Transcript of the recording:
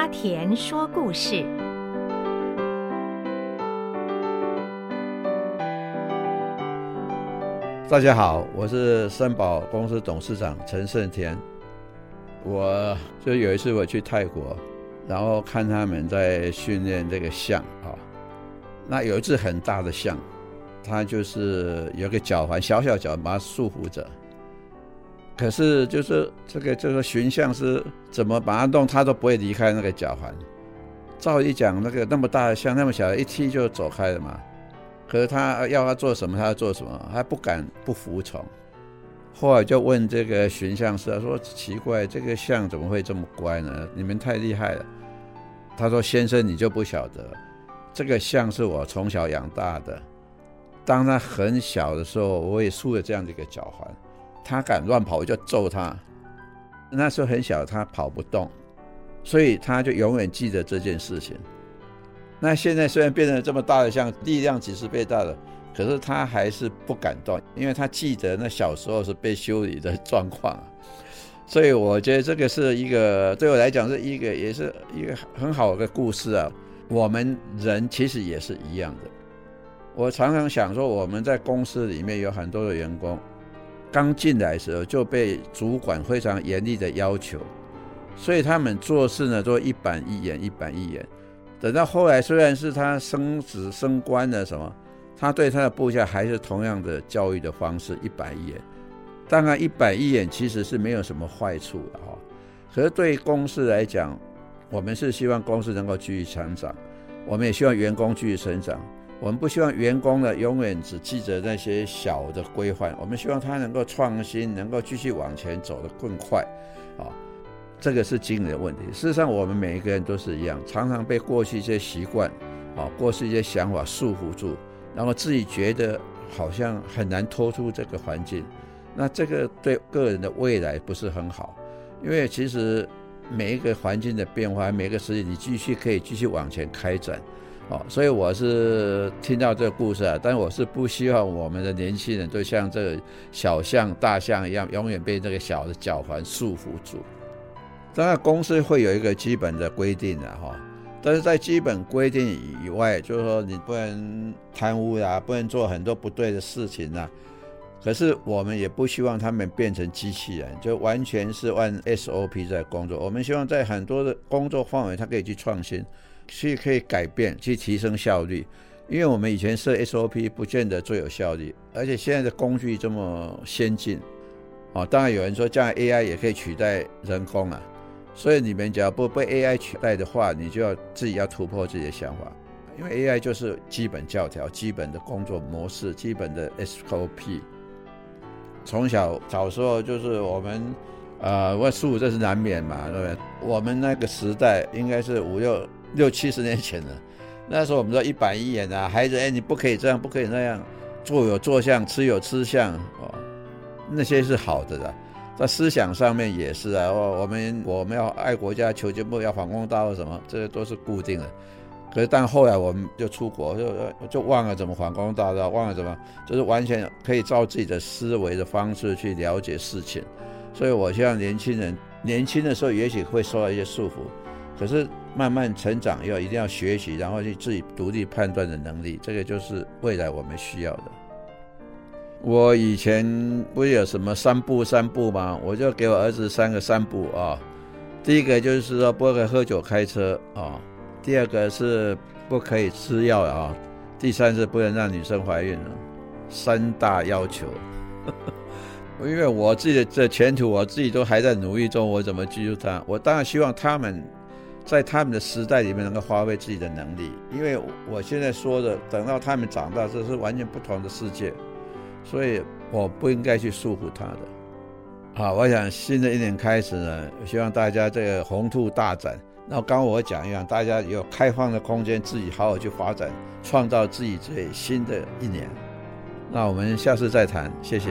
阿沺說故事。大家好，我是森寶公司董事長陳勝田。我就有一次我去泰國，然後看他們在訓練這個象啊。那有一只很大的象，它就是有個腳環，小小腳把它束縛着。可是，就是這個這個馴象師怎麼把它弄，它都不會離開那個腳環。照理講，那個那麼大的象，那麼小的，一踢就走開了嘛。可是他要他做什麼，他要做什麼，他不敢不服從。後來就問這個馴象師他說：“奇怪，這個象怎麼會這麼乖呢？你們太厲害了。”他說：“先生，你就不曉得，這個象是我從小養大的。當他很小的時候，我也豎了這樣的一個腳環。”他敢亂跑，我就揍他。那時候很小，他跑不動，所以他就永遠記得這件事情。那現在雖然變成這麼大的象，力量幾十倍大的，可是他還是不敢動，因為他記得那小時候是被修理的狀況。所以我覺得這個是一個對我來講是一個也是一個很好的故事啊。我們人其實也是一樣的。我常常想說，我們在公司裡面有很多的員工。剛進來的時候就被主管非常嚴厲的要求，所以他們做事呢，都一板一眼，一板一眼。等到後來，雖然是他升職升官了什麼，他對他的部下還是同樣的教育的方式，一板一眼。當然，一板一眼其實是沒有什麼壞處的哈。可是對於公司來講，我們是希望公司能夠繼續成長，我們也希望員工繼續成長。我們不希望員工呢，永遠只記着那些小的規範，我們希望他能夠創新，能夠繼續往前走得更快，啊，這個是經理的問題。事實上，我們每一個人都是一樣，常常被過去一些習慣，啊，過去一些想法束縛住，然後自己覺得好像很難脫出這個環境，那這個對個人的未來不是很好，因為其實每一個環境的變化，每個時期，你繼續可以繼續往前開展。哦，所以我是聽到這個故事啊，但是我是不希望我們的年輕人就像這個小象、大象一樣，永遠被這個小的腳環束縛住。當然，公司會有一個基本的規定的哈，但是在基本規定以外，就是說你不能貪污啊，不能做很多不對的事情啊。可是我們也不希望他們變成機器人，就完全是按 SOP 在工作。我們希望在很多的工作範圍，他可以去創新。去可以改變，去提升效率，因為我們以前設 SOP 不見得最有效率，而且現在的工具這麼先進。哦，當然有人說這樣 AI 也可以取代人工啊，所以你們只要不被 AI 取代的話，你就要自己要突破自己的想法，因為 AI 就是基本教條、基本的工作模式、基本的 SOP。從小小時候就是我們，呃，我四五這是難免嘛，對不對？我們那個時代應該是五六。六七十年前了，那時候我們說一板一眼的孩子，哎、欸，你不可以這樣，不可以那樣，坐有坐相，吃有吃相，哦，那些是好的啦，在思想上面也是啊。我、哦、我們我們要愛國家，求進步，要反攻大，什麼，這些都是固定的。可是，但後來我們就出國，就就忘了怎麼反攻大，忘了怎麼，就是完全可以照自己的思維的方式去了解事情。所以，我希望年輕人年輕的時候也許會受到一些束縛，可是。慢慢成長，要一定要學習，然後去自己獨立判斷的能力，這個就是未來我們需要的。我以前不是有什麼三不三不嗎？我就給我兒子三個三不啊，第一個就是說不可喝酒開車啊、哦，第二個是不可以吃藥啊、哦，第三是不能讓女生懷孕了，三大要求。 因為我自己的這前途，我自己都還在努力中，我怎麼記住他？我當然希望他們。在他們的時代裡面，能夠發揮自己的能力。因為我現在說的，等到他們長大，這是完全不同的世界，所以我不應該去束縛他的。好，我想新的一年開始呢，希望大家這個宏圖大展。那剛剛我講一樣，大家有開放的空間，自己好好去發展，創造自己最新的一年。那我們下次再談，謝謝。